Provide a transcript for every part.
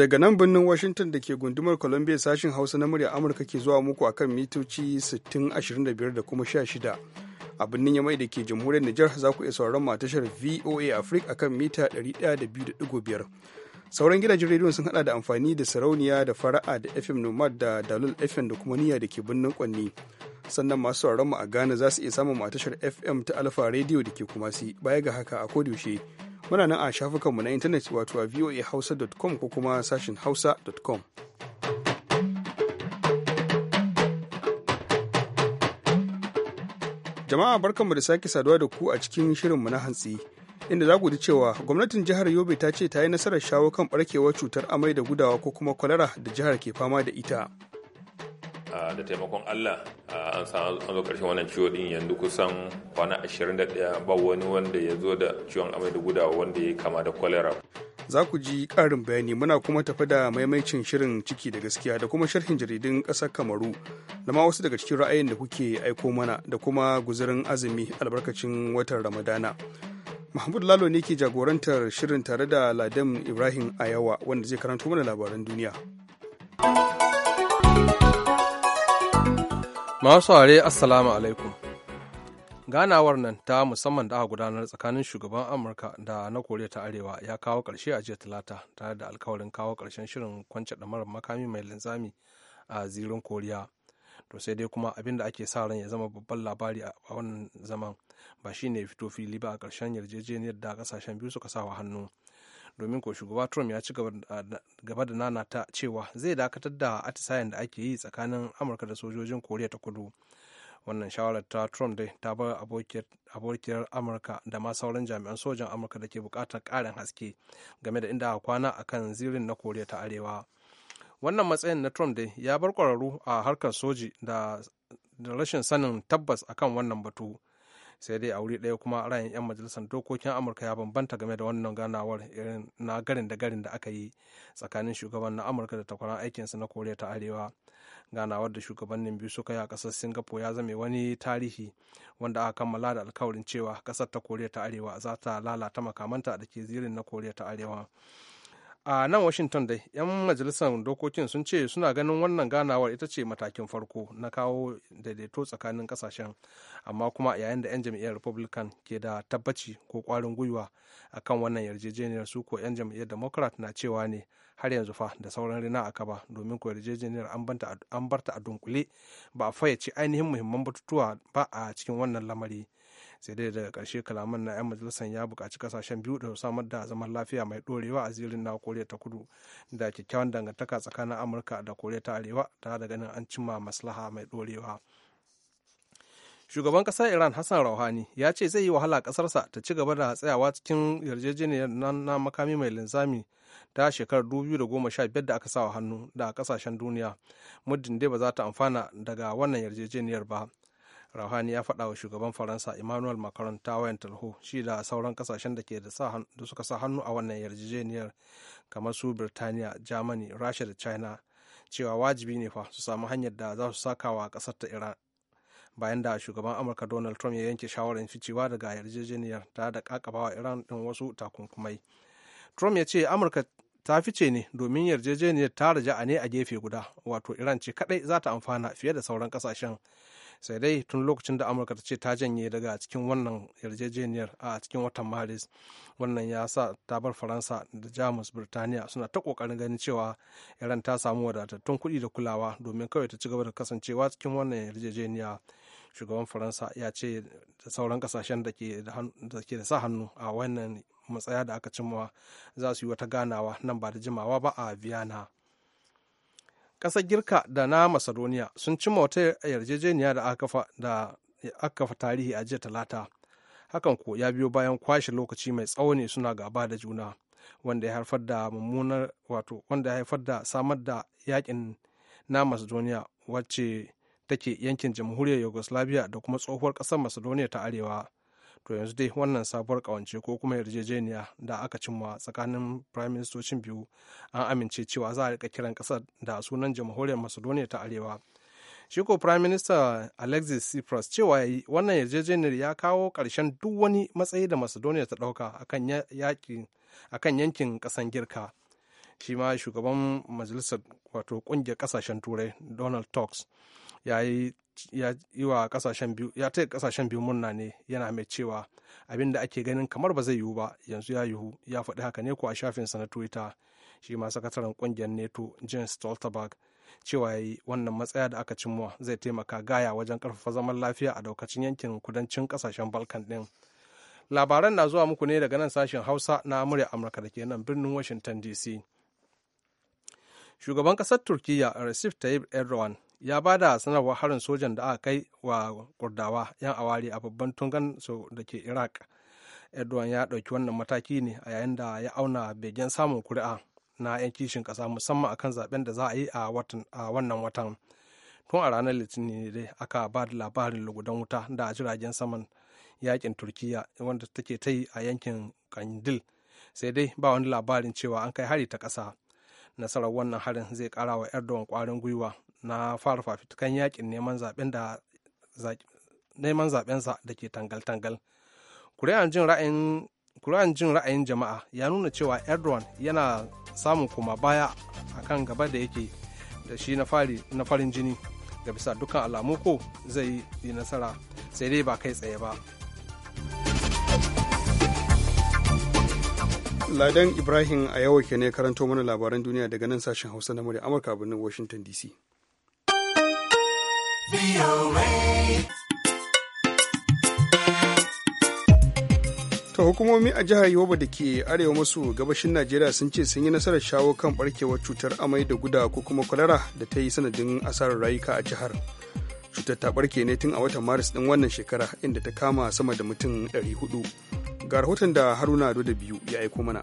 daga nan birnin Washington da ke gundumar Columbia sashen Hausa na murya Amurka ke zuwa muku akan mitoci 625 da kuma 16. A birnin Yamai da ke jamhuriyar Nijar za ku iya sauraron tashar VOA Africa akan mita 102.5. Sauran gidajen rediyon sun hada da amfani da sarauniya da fara'a da FM Nomad da dalul FM da kuma niyya da ke birnin Kwanni. sannan masu sauraron mu a Ghana za su iya samun matashar FM ta Alfa rediyo da ke kumasi baya ga haka a kodiyoshe muna nan a shafukanmu na intanet wato a voahausa.com ko kuma sashin hausa.com jama'a barkanmu da sake saduwa da ku a cikin shirinmu na hantsi inda za ku ji cewa gwamnatin jihar yobe ta ce ta yi nasarar shawo kan barkewar cutar amai da gudawa ko kuma kwalara da jihar ke fama da ita Ah, da taimakon Allah ah, an san an zo karshen wannan ciwo din yanzu kusan kwana 21 ba wani wanda ya zo da ciwon amai da gudawa wanda ya kama da kwalera. Za ku ji ƙarin bayani muna kuma tafi da maimaicin shirin ciki da gaskiya da kuma sharhin jaridun ƙasar Kamaru da ma wasu daga cikin ra'ayin da kuke aiko mana da kuma guzurin azumi albarkacin watan Ramadana. Mahmud Lalo ne ke jagorantar shirin tare da Ladem Ibrahim Ayawa wanda zai karanto mana labaran duniya. Masu ware Assalamu alaikum. Ganawar nan ta musamman da aka gudanar tsakanin shugaban Amurka da na Koriya ta Arewa ya kawo ƙarshe a jiya Talata tare da alkawarin kawo ƙarshen shirin kwance ɗamarar makami mai linzami a zirin Koriya. To sai dai kuma abin da ake sa ran ya zama babban labari a wannan zaman ba shi ne fito fili ba a ƙarshen yarjejeniyar da ƙasashen biyu suka sa wa hannu. domin ko shugaba trump ya ci gaba da nana ta cewa zai dakatar da atisayen da ake yi tsakanin amurka da sojojin koriya ta kudu wannan shawarar ta trump dai ta bar abokiyar amurka da ma sauran jami'an sojan amurka da ke bukatar karin haske game da inda kwana a kan zirin na koriya ta arewa wannan matsayin na trump dai ya bar kwararru a harkar soji da rashin sanin tabbas akan wannan batu sai dai a wuri ɗaya kuma ra'ayin 'yan majalisar dokokin amurka ya bambanta game da wannan ganawar irin na garin da garin da aka yi tsakanin shugaban na amurka da takwaran aikinsa na koriya ta arewa ganawar da shugabannin biyu suka yi a ƙasar singapore ya zame wani tarihi wanda aka kammala da alkawarin cewa ƙasar ta koriya ta arewa za ta lalata makamanta da ke zirin na koriya ta arewa a nan washington dai yan majalisar dokokin sun ce suna ganin wannan ganawar ita ce matakin farko na kawo daidaito tsakanin kasashen amma kuma yayin da 'yan jam'iyyar republican ke da tabbaci ko kwarin gwiwa akan wannan yarjejeniyar su ko 'yan jam'iyyar democrat na cewa ne har yanzu fa da sauran rina a kaba domin ko yarjejeniyar an barta a dunkule ba a fayyace ainihin muhimman batutuwa ba a cikin wannan lamari sai dai daga karshe kalaman na 'yan majalisar ya buƙaci kasashen biyu da samar da zaman lafiya mai ɗorewa a zirin na koriya ta kudu da kyakkyawan dangantaka tsakanin amurka da koriya ta arewa ta da ganin an cimma maslaha mai ɗorewa shugaban ƙasar iran hassan rauhani ya ce zai yi wahala kasarsa ta ci gaba da tsayawa cikin yarjejeniyar na makami mai linzami ta shekarar 2015 da aka sa wa hannu da kasashen duniya muddin dai ba za ta amfana daga wannan yarjejeniyar ba Rouhani ya faɗa wa shugaban Faransa Emmanuel Macron ta wayan talho shi da sauran kasashen da ke da suka sa hannu a wannan yarjejeniyar kamar su Birtaniya, Germany, Rasha da China cewa wajibi ne fa su samu hanyar da za su saka wa ƙasar ta Iran. Bayan da shugaban Amurka Donald Trump ya yanke shawarar ficewa daga yarjejeniyar ta da kakabawa Iran din wasu takunkumai. Trump ya ce Amurka ta fice ne domin yarjejeniyar ta a ne a gefe guda wato Iran ce kadai za ta amfana fiye da sauran kasashen sai dai tun lokacin da amurka ta ce ta janye daga cikin wannan yarjejeniyar a cikin watan maris wannan ya sa ta bar faransa da jamus birtaniya suna ta kokarin ganin cewa iran ta samu wadatattun kuɗi da kulawa domin kawai ta ci gaba da kasancewa cikin wannan yarjejeniya shugaban faransa ya ce da sauran kasashen da ke da sa hannu a wannan matsaya da aka cimma za su yi wata ganawa nan ba da jimawa ba a vienna ƙasar girka da na macedonia sun cimma wata yarjejeniya da aka kafa tarihi a jiya talata hakan ko ya biyo bayan kwashe lokaci mai tsawo ne suna gaba da juna wanda ya haifar da mummunar wato wanda ya haifar da samar da yakin na macedonia wacce take yankin jamhuriyar yugoslavia da kuma tsohuwar ƙasar macedonia ta arewa to yanzu dai wannan sabuwar kawance ko kuma yarjejeniya da aka cimma tsakanin prime ministocin biyu an amince cewa za a rika kiran kasar da sunan jamhuriyar macedonia ta arewa shi ko prime minister alexis tsipras cewa yi wannan yarjejeniyar ya kawo ƙarshen duk wani matsayi da macedonia ta ɗauka akan yankin ƙasan girka shi ma shugaban majalisar wato ƙungiyar ƙasashen turai donald tusk ya yi ya yi wa kasashen biyu ya taya kasashen biyu murna ne yana mai cewa abin da ake ganin kamar ba zai yiwu ba yanzu ya yiwu ya faɗi haka ne ko a shafinsa na twitter shi ma sakataren kungiyar neto james stoltenberg cewa ya yi wannan matsaya da aka cimma zai taimaka gaya wajen karfafa zaman lafiya a daukacin yankin kudancin kasashen balkan din labaran na zuwa muku ne daga nan sashen hausa na amurya amurka da ke nan birnin washington dc shugaban kasar turkiyya recep tayyip erdogan ya ba da sanarwar harin sojan da aka kai wa kurdawa yan aware a babban tungan su da ke iraq erdogan ya ɗauki wannan mataki ne a yayin da ya auna begen samun kuri'a na 'yan kishin ƙasa musamman akan zaben da za a yi a wannan watan tun a ranar litinin ne dai aka ba da labarin lugudan wuta da jiragen saman yakin turkiya wanda take ta yi a yankin kandil sai dai ba wani labarin cewa an kai hari ta ƙasa nasarar wannan harin zai kara wa erdogan kwarin gwiwa na fara fafutukan yakin neman zaben da neman zabensa da ke tangal-tangal kuri'an jin ra'ayin jama'a ya nuna cewa erdogan yana samun kuma baya akan gaba da yake da shi na farin jini ga bisa dukkan alamu ko zai yi nasara sai dai ba kai tsaye ba ladan ibrahim a yawake ke ne karanto mana labaran duniya daga nan sashen hausa na murya amurka birnin washington dc ta hukumomi a jihar yoba da ke arewa maso gabashin najeriya sun ce sun yi nasarar shawo kan barkewar cutar amai da guda ko kuma kwalara da ta yi sanadin asarar rayuka a jihar cutar ta barke ne tun a watan maris ɗin wannan shekara inda ta kama sama da mutum 400 ga rahoton da haruna da biyu ya aiko mana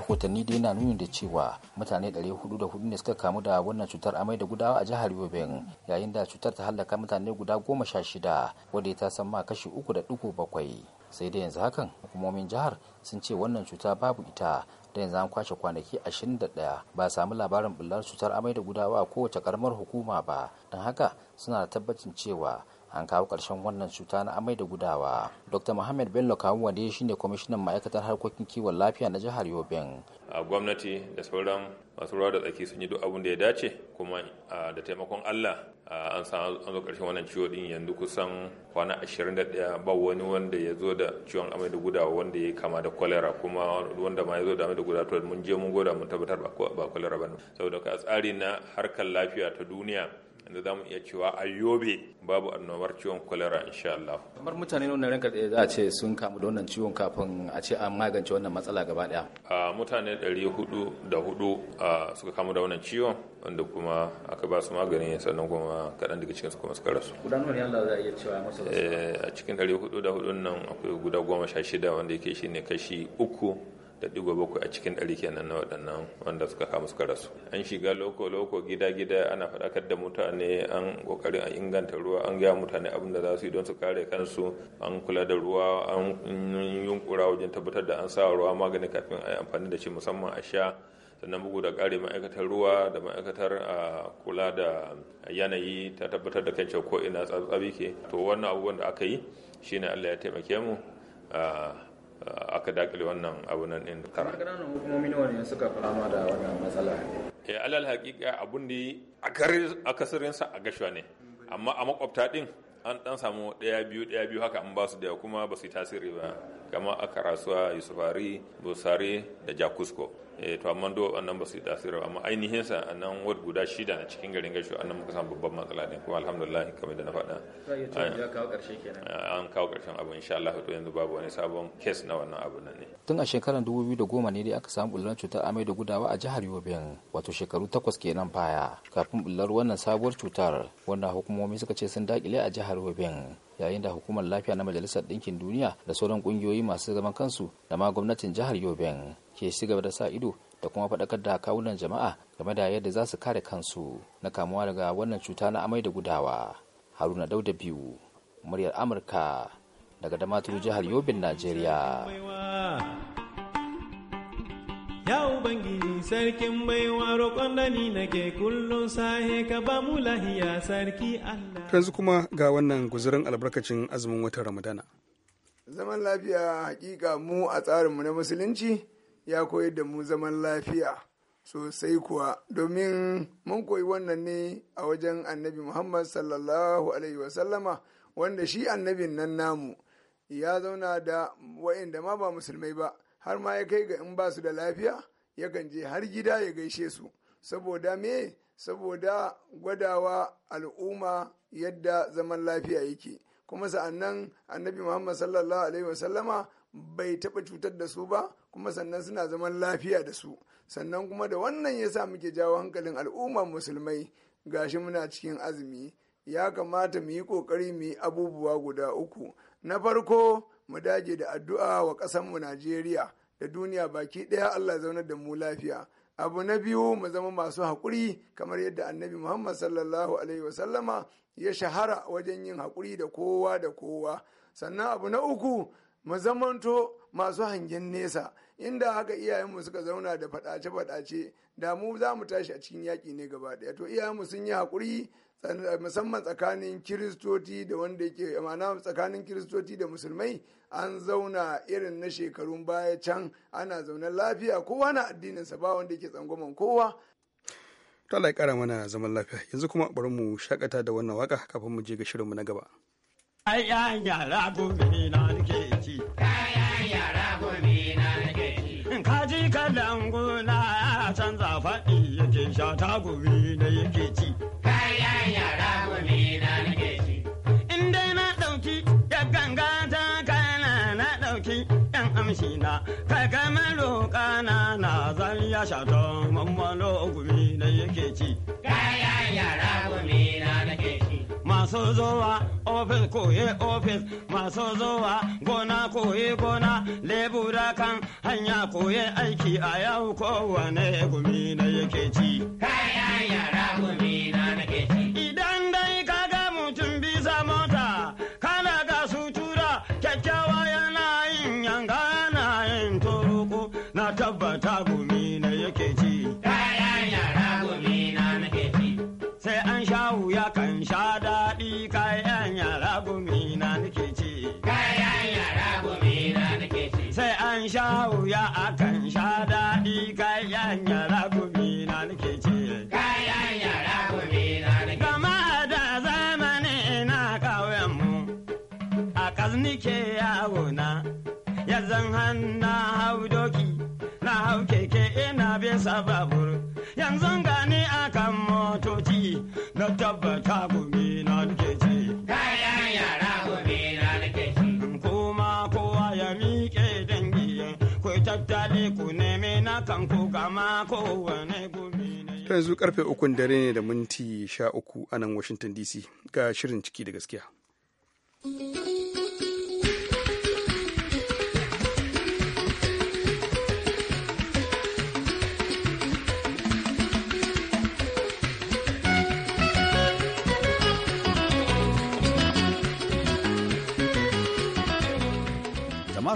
rahotanni dai na nuni da cewa mutane 404 ne suka kamu da wannan cutar amai da gudawa a jihar yobin yayin da cutar ta hallaka mutane guda goma sha shida wadda ta san ma kashi uku da duku bakwai sai da yanzu hakan hukumomin jihar sun ce wannan cuta babu ita da yanzu an kwashe kwanaki 21 ba samu labarin bullar cutar amai da gudawa a kowace karamar hukuma ba don haka suna da tabbacin cewa an kawo ƙarshen wannan cuta na amai da gudawa dr muhammad bello kawo wade shine kwamishinan ma'aikatar harkokin kiwon lafiya na jihar yobin a gwamnati da sauran masu ruwa da tsaki sun yi duk abin da ya dace kuma da taimakon allah an samu an zo ƙarshen wannan ciwo din yanzu kusan kwana 21 ba wani wanda ya zo da ciwon amai da gudawa wanda ya kama da kwalera kuma wanda ma ya zo da amai da gudawa to mun je mun goda mun tabbatar ba kwalera ba ne saboda ka tsari na harkar lafiya ta duniya inda za mu iya cewa ayyobe babu annobar ciwon kwalera insha Allah. Kamar mutane nuna ranka da za a ce sun kamu da wannan ciwon kafin a ce an magance wannan matsala gaba daya. A mutane ɗari hudu da hudu suka kamu da wannan ciwon wanda kuma aka ba su magani sannan kuma kaɗan daga cikinsu kuma suka rasu. Gudanar ya za a iya cewa masu rasu. Eh, a cikin ɗari hudu da hudun nan akwai guda goma sha shida wanda yake shi ne kashi uku da digo bakwai a cikin ɗari kenan na waɗannan wanda suka kama suka rasu an shiga loko loko gida gida ana faɗakar da mutane an kokari an inganta ruwa an gaya mutane abin da za su yi don su kare kansu an kula da ruwa an yunkura wajen tabbatar da an sa ruwa magani kafin a yi amfani da shi musamman a sha sannan bugu da kare ma'aikatar ruwa da ma'aikatar a kula da yanayi ta tabbatar da kyancewa ko ina tsatsabi to wannan abubuwan da aka yi shine allah ya taimake mu Eh, aka dakile wannan abu nan din kara ƙananan hukumomi ne wani suka fama da wannan matsala ya eh, alal hakika abun da a sa a gashuwa ne amma a makwabta din an dan samu ɗaya biyu ɗaya biyu haka an basu su da kuma ba su yi tasiri ba kama a rasuwa yusufari busari da jakusko Eh, to amma do annan ba su yi tasiri amma ainihin sa nan ward guda shida a cikin garin a annan muka samu babban matsala ne kuma alhamdulillah kamar da na faɗa eh, an kawo karshen abu insha Allah to yanzu babu wani sabon case na wannan abu nan ne tun a shekarar 2010 ne dai aka samu bullar cutar amai da gudawa a jihar yobin wato shekaru takwas kenan baya kafin bullar wannan sabuwar cutar wanda hukumomi suka ce sun dakile a jihar Yobe yayin da hukumar lafiya na majalisar ɗinkin duniya da sauran ƙungiyoyi masu zaman kansu da ma gwamnatin jihar yoben ke ci gaba da sa ido da kuma faɗakar da kawunan jama'a game da yadda za su kare kansu na kamuwa daga wannan cuta na amai da gudawa haruna dauda biyu muryar amurka daga damaturu jihar yobin najeriya Ya Ubangiji sarkin baiwa roƙon da nake kullum sahe ka ba mu lahiya sarki Allah. Yanzu kuma ga wannan guzurin albarkacin azumin watan Ramadana. Zaman lafiya hakika mu a tsarinmu na musulunci ya koyar da mu zaman lafiya sosai kuwa domin mun koyi wannan ne a wajen annabi Muhammad sallallahu alaihi wasallama wanda shi annabin nan namu ya zauna da wa'inda ma ba musulmai ba. har ma ya kai ga in ba su da lafiya yakan je har gida ya gaishe su saboda me saboda gwadawa al'umma yadda zaman lafiya yake kuma sa'annan annabi muhammad sallallahu alaihi wasallama bai taɓa cutar da su ba kuma sannan suna zaman lafiya da su sannan kuma da wannan ya sa muke jawo hankalin al'ummar musulmai gashi muna cikin azumi ya kamata mu yi ƙoƙari mu yi abubuwa guda uku na farko mu dage da addu'a wa mu Najeriya da duniya baki ɗaya Allah zaunar da mu lafiya. Abu na biyu mu zama masu haƙuri kamar yadda annabi Muhammad sallallahu Alaihi wasallama ya shahara wajen yin haƙuri da kowa da kowa. Sannan abu na uku mu zamanto masu hangen nesa inda haka iyayenmu suka zauna da faɗace-faɗace da mu za mu tashi a cikin yaki ne gaba ɗaya to iyayenmu sun yi haƙuri musamman tsakanin kiristoti da wanda yake ma'ana tsakanin kiristoti da musulmai an zauna irin na shekarun baya can ana zaune lafiya kowa na addininsa ba wanda yake tsangwaman kowa to Allah ya kara mana zaman lafiya yanzu kuma bari mu shakata da wannan waka kafin mu je ga shirinmu na gaba ai ya yara gobe na nake ci na nake ci canza faɗi yake sha ta na yake ci ai yara gobe na nake ci in dai na ɗauki ya ganga ta yan amshina kai kai maro kana na zan ya shato mammalo gumi na yake ci kaya yara gumi na nake ci masu zowa ofis koye ofis masu zowa gona koye gona lebura kan hanya koye aiki a yau kowane gumi na yake ci kaya yara gumi na nan na hau doki na hau keke ina bisa babur yanzu gani akan motoci na tabbata gumi na nake mm, kuma kowa ya miƙe dangi ku tattale ku neme na kan ku gama kowane gumi yanzu karfe ukun dare ne da minti sha uku a nan washington dc ga shirin ciki da gaskiya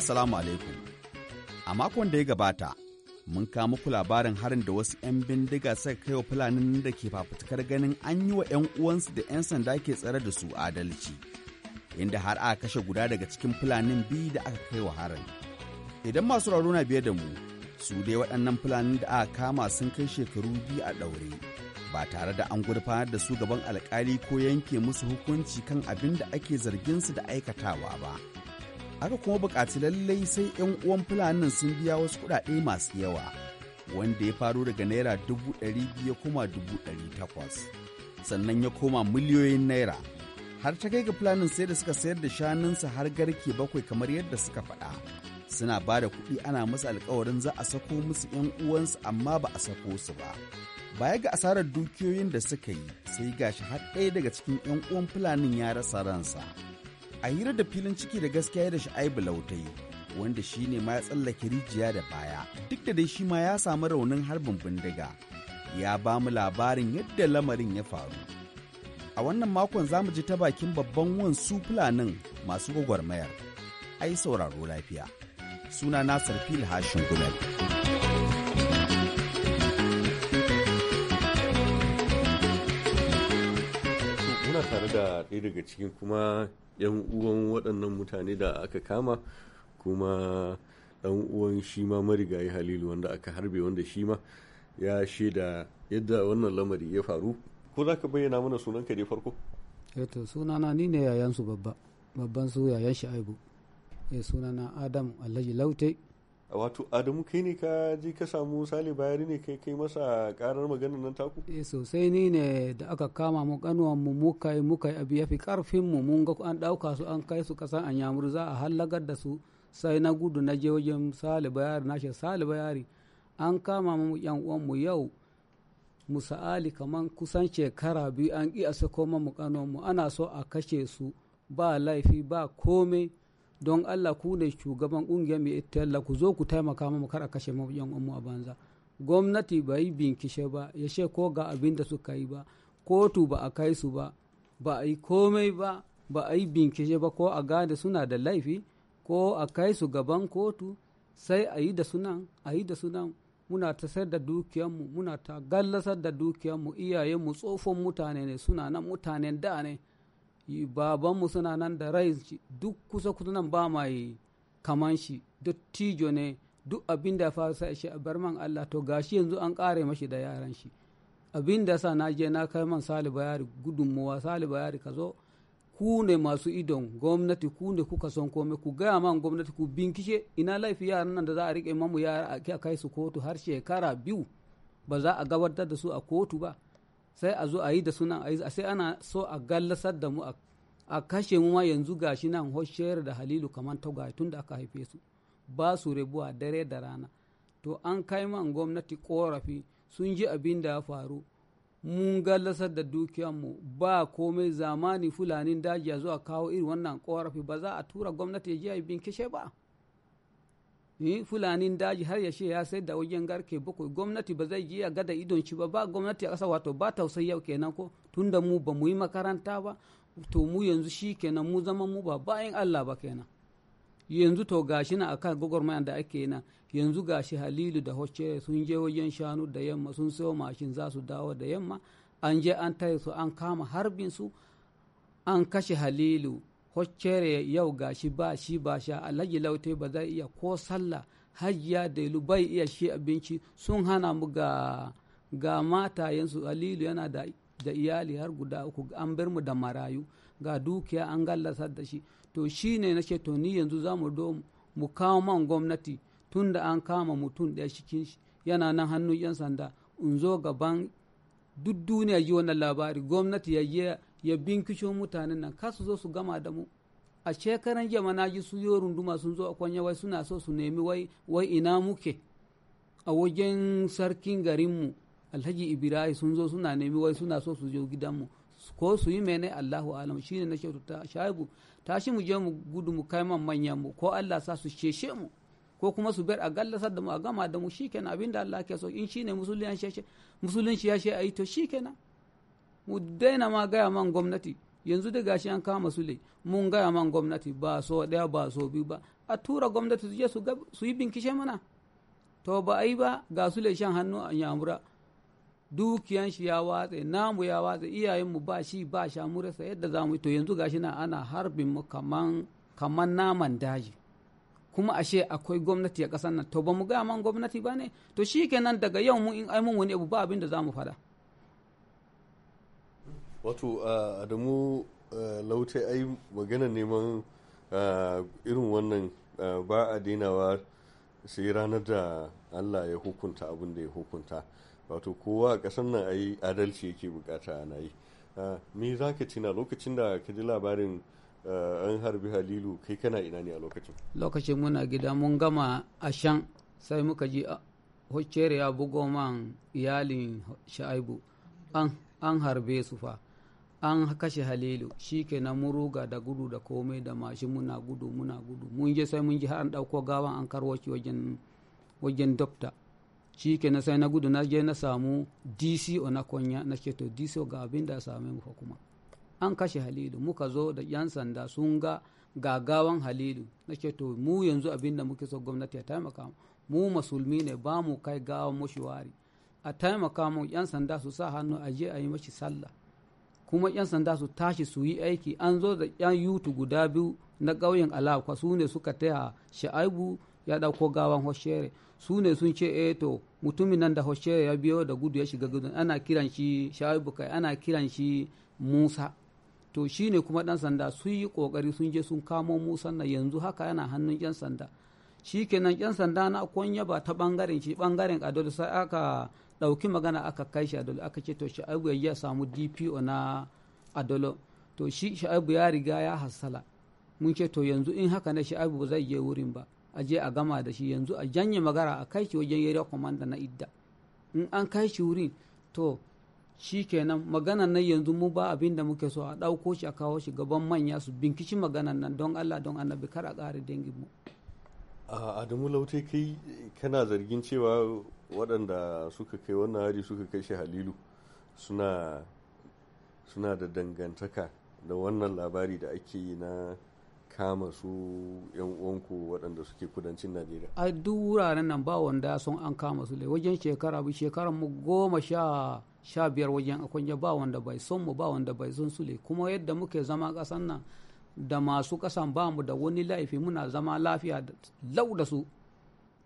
jama'a alaikum. A makon da ya gabata, mun kawo muku labarin harin da wasu 'yan bindiga suka kai wa fulanin da ke fafutukar ganin an yi wa 'yan uwansu da 'yan sanda ke tsare da su adalci. Inda har aka kashe guda daga cikin fulanin biyu da aka kai wa harin. Idan masu rauro na biye da mu, su dai waɗannan fulanin da aka kama sun kai shekaru biyu a ɗaure. Ba tare da an gurfanar da su gaban alkali ko yanke musu hukunci kan abin da ake zargin su da aikatawa ba. aka kuma bukaci lallai sai 'yan uwan fulanin sun biya wasu kuɗaɗe masu yawa wanda ya faru daga naira dubu ɗari biyu kuma dubu ɗari takwas sannan ya koma miliyoyin naira har ta kai ga fulanin sai da suka sayar da shanunsa har garke bakwai kamar yadda suka faɗa suna ba da kuɗi ana masa alkawarin za a sako musu 'yan uwansu amma ba a sako su ba baya ga asarar dukiyoyin da suka yi sai gashi har ɗaya daga cikin 'yan uwan fulanin ya rasa ransa a hira da filin ciki da gaskiya da sha'aibu lautai wanda shi ne ma ya tsallake rijiya da baya duk da dai shi ma ya samu raunin harbin bindiga ya ba mu labarin yadda lamarin ya faru a wannan makon za mu ji ta bakin babban Wansu fulanin masu gwagwarmayar ai sauraro lafiya suna nasar fil hashin gulal. da ɗaya daga cikin kuma 'yan uwan waɗannan mutane da aka kama kuma ɗan uwan shi ma marigayi halilu wanda aka harbe wanda shi ma ya shaida yadda wannan lamari ya faru ko za ka bayyana mana sunanka ne farko eto eh sunana ni ne yayansu babba babban su yayan shi aibu eh sunana adam alhaji laute wato adamu kai ne ka ji ka samu sale bayari ne kai kai masa karar maganar nan taku eh sosai ni ne da aka kama mu kanuwan mu muka yi muka yi abu yafi karfin mu mun ga an dauka su an kai su kasan yamuru za a hallagar da su sai na gudu na je wajen sale bayari na ce sale bayari an kama mu yan uwan mu yau mu sa'ali kaman kusan shekara biyu an ki a sako mu kanuwan mu ana so a kashe su ba laifi ba komai don allah ku ne shugaban kungiyar mai talla ku zo ku taimaka mu kar a kashe mabiyan umu a banza gwamnati ba yi binkishe ba ya she ko ga abin da suka yi ba kotu ba a kai su ba ba a yi komai ba ba a yi binkishe ba ko a gane suna da laifi ko a kai su gaban kotu sai a yi da sunan a yi da sunan muna ta sayar da dukiyanmu muna ta gallasar da dukiyanmu iyayenmu tsofon mutane ne suna nan mutanen da ne babanmu suna nan da rai duk kusa kusa nan ba ma yi kaman shi tijo ne duk abin da faru sai shi a bar man Allah to gashi yanzu an kare mashi da yaran shi abin da sa na je na kai man Sali Bayari gudunmuwa Sali Bayari ka zo ku ne masu idon gwamnati ku ne kuka son komai ku gaya man gwamnati ku binkishe ina laifi yaran nan da za a rike mamu yara a kai su kotu har shekara biyu ba za a gabatar da su a kotu ba sai a zo a yi da sunan a yi sai ana so a gallasar da mu a kashe mu ma yanzu gashi nan hoshiyar da halilu kamar tagwaye tun da aka haife su ba su rabuwa dare da rana to an kai man gwamnati korafi sun ji abin da ya faru mun gallasar da mu ba komai zamani fulanin daji ya zuwa kawo irin wannan korafi ba za a tura gwamnati ya je a bin kishe ba fulanin daji har ya ya sai da wajen garke bakwai gwamnati ba zai je a gada idon shi ba ba gwamnati a ƙasa wato ba tausayi yau kenan ko tunda mu ba mu yi makaranta ba to mu yanzu shi kenan mu zama mu ba bayan Allah ba kenan yanzu to gashi na akan gwagwarmaya da ake na yanzu gashi Halilu da hoce sun je wajen shanu da yamma sun sayo mashin za su dawo da yamma an je an tare su an kama harbin su an kashe Halilu hoccere yau gashi ba shi ba sha alhaji laute ba zai iya ko sallah hajiya delu bai iya shi abinci sun hana mu ga ga matayensu alilu yana da da iyali har guda uku an bar mu da marayu ga dukiya an gallasar da shi to shine na ce to ni yanzu za mu do mu kawo man gwamnati tun da an kama mutum ɗaya cikin yana nan hannun yan sanda in zo gaban duk duniya yi wannan labari gwamnati ya ya binkisho mutanen nan kasu zo su gama da mu a shekaran jama na ji su yi runduma sun zo a kwanya wai suna so su nemi wai wai ina muke a wajen sarkin garinmu alhaji ibrahim sun zo suna nemi wai suna so su je gidanmu ko su yi mene allahu alam shine na ta shaibu tashi mu je mu gudu mu kai man manyan mu ko allah sa su sheshe mu ko kuma su bar a gallasar da mu a gama da mu shikenan abinda allah ke so in shine musulunci ya she ayi to shikenan mu daina ma gaya man gwamnati yanzu da gashi an kama su le, mun gaya man gwamnati ba so daya ba so biyu ba a tura gwamnati su je su yi binkishe mana to ba a ba ga su le shan hannu a yamura dukiyan shi ya watse namu ya watse mu ba shi ba sha mu rasa yadda za mu to yanzu gashi na ana harbin mu kaman kaman naman daji kuma ashe akwai gwamnati a ƙasar nan to ba mu gaya man gwamnati ba ne to shikenan daga yau mu in ai mun wani abu ba abin da za mu faɗa wato adamu lauta ai magana neman irin wannan ba a dainawa sai ranar da allah ya hukunta abin da ya hukunta wato kowa a ƙasar nan ai adalci yake bukata ana yi me za ka na lokacin da ka ji labarin an harbi halilu kai kana ina ne a lokacin lokacin muna gida mun gama a shan sai muka ji hoccere ya bugo man iyalin sha'aibu an harbe su fa an kashe halilu shi ke na muruga da gudu da komai da mashin muna gudu muna gudu mun je sai mun ji har an ɗauko gawan an karwo wajen wajen dokta shi na sai na gudu na je na samu dco na konya na ce to dco ga abin da same mu fa kuma an kashe halilu muka zo da yan sanda sun ga gagawan halilu na ce to mu yanzu abin da muke so gwamnati ya taimaka mu musulmi ne ba mu kai gawan wari a taimaka mu yan sanda su sa hannu a je a yi mashi sallah kuma 'yan sanda su tashi su yi aiki an zo da 'yan yutu guda biyu na ƙauyen alaƙa su ne suka taya sha'aibu ya ɗauko gawan hoshere su ne sun ce eh to mutumin nan da hoshere ya biyo da gudu ya shiga gudun ana kiran shi sha'aibu kai ana kiran shi musa to shi ne kuma ɗan sanda sun yi ƙoƙari sun je sun kamo musa na yanzu haka yana hannun 'yan sanda shi kenan 'yan sanda na kwanya ba ta ɓangaren shi ɓangaren ado da sai aka ɗauki magana aka kai shi adolo aka ce to sha'abu ya samu dpo na adolo to shi sha'abu ya riga ya hassala mun ce to yanzu in haka na sha'abu ba zai je wurin ba a je a gama da shi yanzu a janye magana a kai shi wajen yare komanda na idda in an kai shi wurin to shi kenan maganan nan yanzu mu ba abin da muke so a ɗauko shi a kawo shi gaban manya su binkici maganan nan don allah don annabi kar a ƙara dangin mu a adamu laute kai kana zargin cewa waɗanda suka kai wannan hari suka kai shi halilu suna da dangantaka da wannan labari da ake yi na kama su yan uwanku waɗanda suke kudancin najeriya a duk wuraren nan ba wanda sun an kama su wajen shekara bi shekaran mu goma sha sha biyar wajen akwai ba wanda bai son mu ba wanda bai son su kuma yadda muke zama kasan nan da masu kasan mu da wani laifi muna zama lafiya lau da su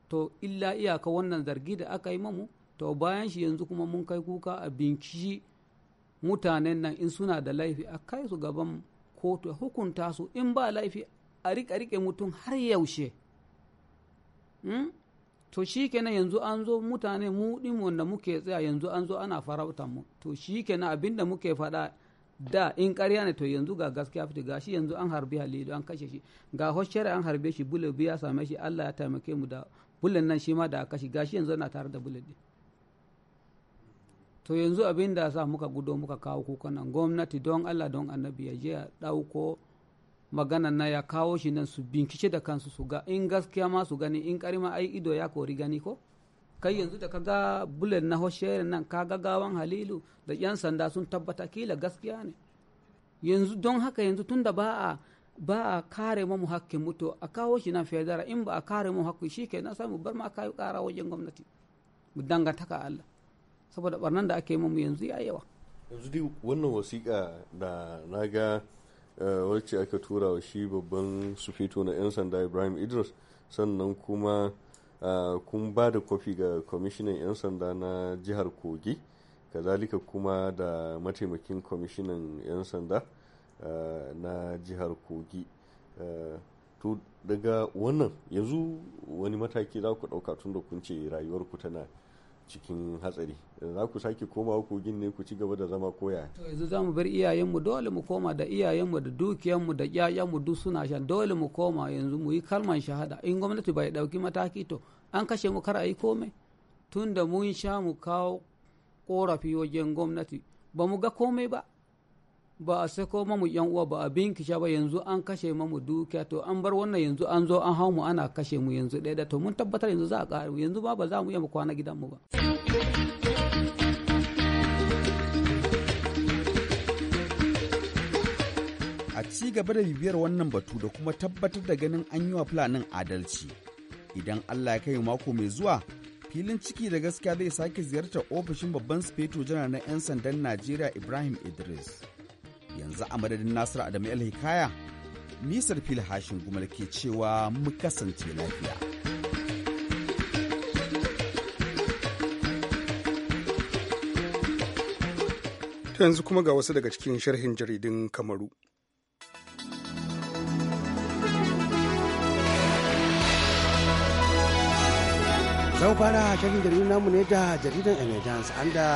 to illa iyaka wannan zargi da aka yi mamu to bayan shi yanzu kuma mun kai kuka a binciki mutanen nan in suna da laifi a kai su gaban kotu hukunta su in ba laifi a rike rike mutum har yaushe hmm? to shi kenan yanzu an zo mutane mu din wanda muke tsaya yanzu an zo ana farautar mu to shi kenan abinda muke faɗa da in ƙarya ne to yanzu ga gaskiya fiti ga shi yanzu an harbi halilu an kashe shi ga hoshiyar an harbe shi bule ya same shi allah ya taimake mu da bullet nan shi ma da aka shiga shi yanzu na tare da bullet din to yanzu abin da sa muka gudo muka kawo kuka nan gwamnati don allah don annabi ya je ya ɗauko magana na ya kawo shi nan su bincike da kansu su ga in gaskiya ma su gani in karima ai ido ya kori gani ko kai yanzu da kaga bullet na hoshere nan ka ga gawan halilu da yan sanda sun tabbata kila gaskiya ne yanzu don haka yanzu tun da ba a ba a kare mamu hakkin mutu a kawo shi nan fedara in ba a kare mu hakkin shi kenan sai mu bar ma kayi kara wajen gwamnati mu dangantaka Allah saboda barnan da ake mamu yanzu ya yawa yanzu dai wannan wasiƙa da na ga eh, wacce aka tura wa shi babban sufito na 'yan sanda ibrahim idris sannan kuma eh, kun ba da kwafi ga kwamishinan 'yan sanda na jihar kogi kazalika kuma da mataimakin kwamishinan 'yan sanda Eh, na jihar kogi eh, to daga wannan yanzu wani mataki za ku ɗauka tun da kun ce rayuwarku tana cikin hatsari eh, za ku sake komawa kogin ne ku ci gaba da zama koya to yanzu za mu bar iyayenmu dole mu koma da iyayenmu da dukiyanmu da ƴaƴanmu duk suna shan dole mu koma yanzu mu yi kalman shahada in gwamnati bai ɗauki mataki to an kashe mu kar a yi komai tun mun sha mu kawo ƙorafi wajen gwamnati ba mu ga komai ba ba a sako mamu yan uwa ba a binkisha ba yanzu an kashe mamu dukiya to an bar wannan yanzu an zo an hau mu ana kashe mu yanzu ɗaya to mun tabbatar yanzu za a ƙara yanzu ba ba za mu iya mu kwana gidanmu ba. a ci gaba da bibiyar wannan batu da kuma tabbatar da ganin an yi wa fulanin adalci idan allah ya kai mako mai zuwa filin ciki da gaskiya zai sake ziyartar ofishin babban sufeto janar na 'yan sandan najeriya ibrahim idris yanzu a madadin nasiru adamu el hikaya nisar fil hashin gumal ke cewa mu kasance lafiya ta yanzu kuma ga wasu daga cikin sharhin jaridun kamaru zan fara shirin jaridun namu ne da jaridan emergence an da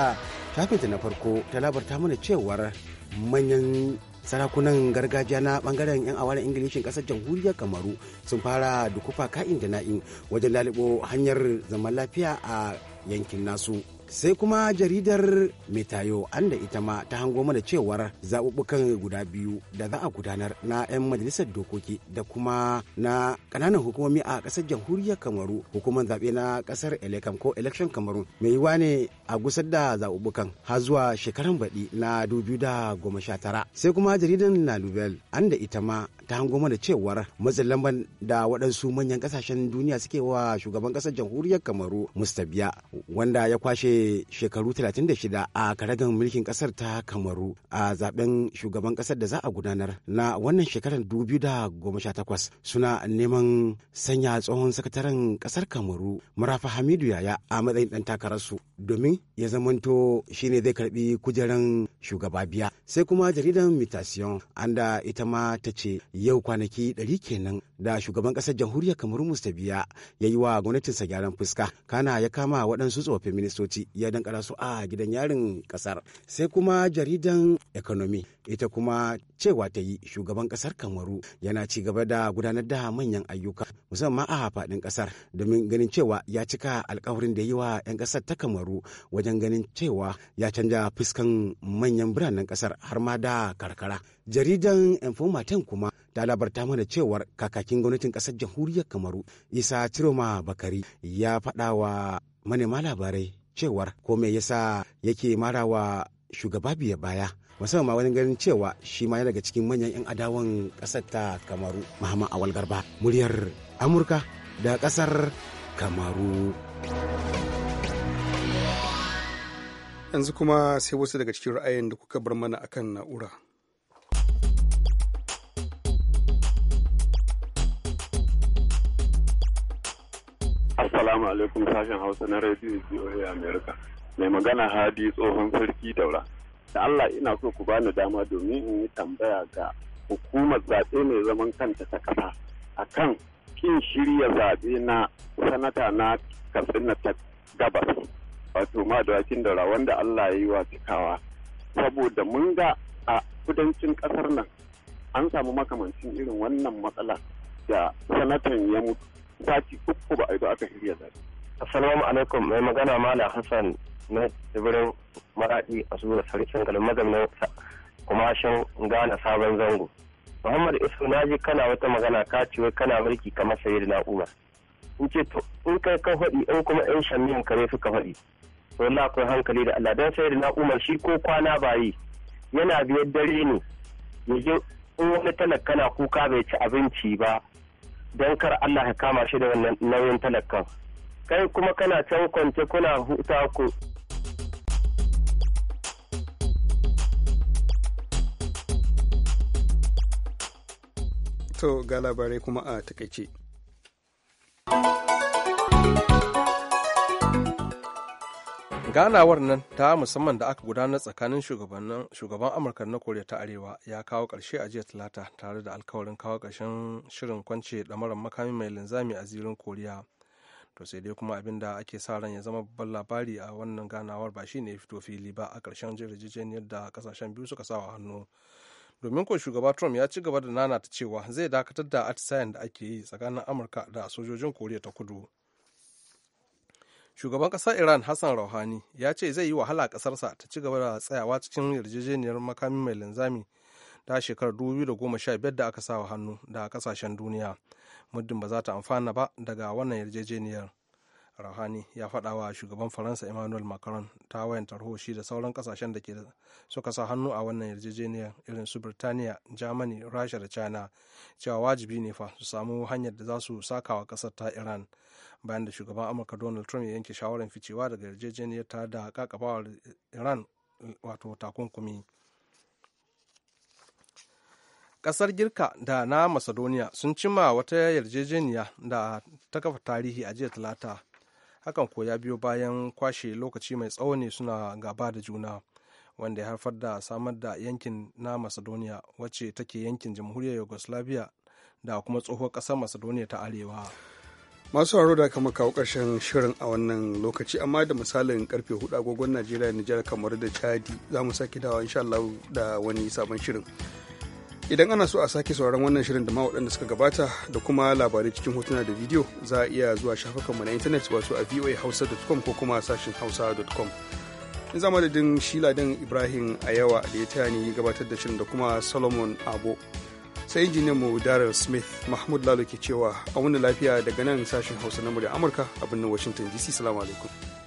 shafinta na farko ta labarta mana cewar manyan sarakunan gargajiya na bangaren yan na ingilishin kasar jamhuriyar kamaru sun fara dukufa ka'in da na'in wajen lalibo hanyar zaman lafiya a yankin nasu sai kuma jaridar metayo anda ita ma ta hango mana cewar zaɓuɓɓukan guda biyu da za a gudanar na 'yan majalisar dokoki da kuma na ƙananan hukumomi a ƙasar jamhuriyar kamaru hukumar zaɓe na ƙasar elekam ko election kamaru mai yiwa ne a gusar da zaɓuɓɓukan har zuwa shekaran baɗi na 2019 sai kuma jaridar la nouvelle anda ita ma ta hango da cewar matsin lamban da waɗansu manyan ƙasashen duniya suke wa shugaban ƙasar jamhuriyar kamaru mustabiya wanda ya kwashe shekaru 36 a karagan mulkin ƙasar ta kamaru a zaben shugaban ƙasar da za a gudanar na wannan shekarar 2018 suna neman sanya tsohon sakataren ƙasar kamaru marafa hamidu yaya a matsayin ɗan takararsu domin ya zamanto shine zai karbi kujerar shugaba biya sai kuma jaridan mutation anda ita ma ta ce yau kwanaki ɗari kenan da shugaban ƙasar jamhuriyar kamaru biya, ya yi wa sa gyaran fuska kana ya kama waɗansu tsofaffin ministoci ya dankara su a gidan yarin ƙasar sai kuma jaridan economy ita kuma cewa ta yi shugaban ƙasar kamaru yana ci gaba da gudanar da manyan ayyuka musamman a faɗin ƙasar domin ganin cewa ya cika alkawarin da yi wa 'yan ƙasar ta kamaru wajen ganin cewa ya canja fuskan manyan biranen ƙasar har ma da karkara jaridan informatin kuma ta labarta mana cewar kakakin gwamnatin ƙasar jamhuriyar kamaru isa ciroma bakari ya faɗa wa manema labarai cewar Komai me yasa yake marawa shugaba biya baya musamman ma wani ganin cewa shi ma daga cikin manyan 'yan adawan ƙasar ta kamaru mahama awal garba muryar amurka da ƙasar kamaru yanzu kuma sai wasu daga cikin ra'ayin da kuka bar mana akan na'ura Assalamu alaikum sashen Hausa na Radio VOA America. Mai magana Hadi tsohon sarki daura. Da Allah ina so ku bani dama domin in yi tambaya ga hukumar zaɓe mai zaman kanta ta ƙasa kan kin shirya zaɓe na sanata na katsina ta gabas wato wakin daura wanda Allah ya yi wa cikawa saboda mun ga a kudancin ƙasar nan an samu makamancin irin wannan matsala da sanatan ya mutu sati uku ba a yi ba aka shirya zaɓe. Assalamu alaikum mai magana Malam Hassan na tsibirin maraɗi a zuwa sarkin galin mazaunin kumashin Ghana sabon zango. Muhammad Isu na ji kana wata magana ka ce wai kana mulki kamar sayar da Umar. In ce to in kai ka faɗi in kuma 'yan shamiyan kare ka faɗi. To Allah akwai hankali da Allah don sayar da Umar shi ko kwana bayi yana biyar dare ne. Yanzu in wani talaka na kuka bai ci abinci ba don kar Allah ya kama shi da wannan nauyin talakan kai kuma kana can kwance kuna huta ku to ga labarai kuma a takaice ganawar nan ta musamman da aka gudanar tsakanin shugaban amurka na koriya ta arewa ya kawo ƙarshe a jiya talata tare da alkawarin kawo ƙarshen shirin kwance ɗamarar makami mai linzami a zirin koriya to sai dai kuma abinda ake sa ran ya zama babban labari a wannan ganawar ba shine ya fito fili ba a ƙarshen jirgin yadda kasashen biyu suka sawa hannu domin ko shugaba trump ya ci gaba da nanata cewa zai dakatar da atisayen da ake yi tsakanin amurka da sojojin koriya ta kudu shugaban ƙasar iran hassan rouhani ya ce zai yi wahala ƙasarsa ta ci gaba da tsayawa cikin yarjejeniyar makami mai linzami ta shekarar 2015 da aka sa wa hannu da kasashen duniya muddin ba za ta amfana ba daga wannan yarjejeniyar rahani ya faɗa wa shugaban faransa emmanuel macron ta wayan tarho shi da sauran kasashen da ke suka sa hannu a wannan yarjejeniyar irin su birtaniya germany rasha da china cewa wajibi ne fa su samu hanyar da za su saka wa ƙasar ta iran bayan da shugaban amurka donald trump ya yanke shawarar ficewa daga yarjejeniyar ta da kakabawar iran wato takunkumi kasar girka da na macedonia sun cima wata yarjejeniya da ta kafa tarihi a jiya talata hakan ko ya biyo bayan kwashe lokaci mai tsawo ne suna gaba da juna wanda ya haifar da samar da yankin na macedonia wacce take yankin jamhuriyar yugoslavia da kuma tsohuwar kasar macedonia ta arewa masu haro da kama kawo ƙarshen shirin a wannan lokaci amma da misalin karfe hudu agogon najeriya nijar kamar da chadi za mu sake dawa insha Allah da wani sabon shirin idan ana so a sake sauraron wannan shirin da ma waɗanda suka gabata da kuma labarai cikin hotuna da bidiyo za a iya zuwa shafukanmu na intanet wato a voa hausa.com ko kuma sashin hausa.com in zama da din shila dan ibrahim ayawa da ya taya ni gabatar da shirin da kuma solomon abo sai injiniyan mu Daryl Smith Mahmud Lalo ke cewa a wani lafiya daga nan sashen Hausa na Amurka a birnin Washington DC. Salamu alaikum.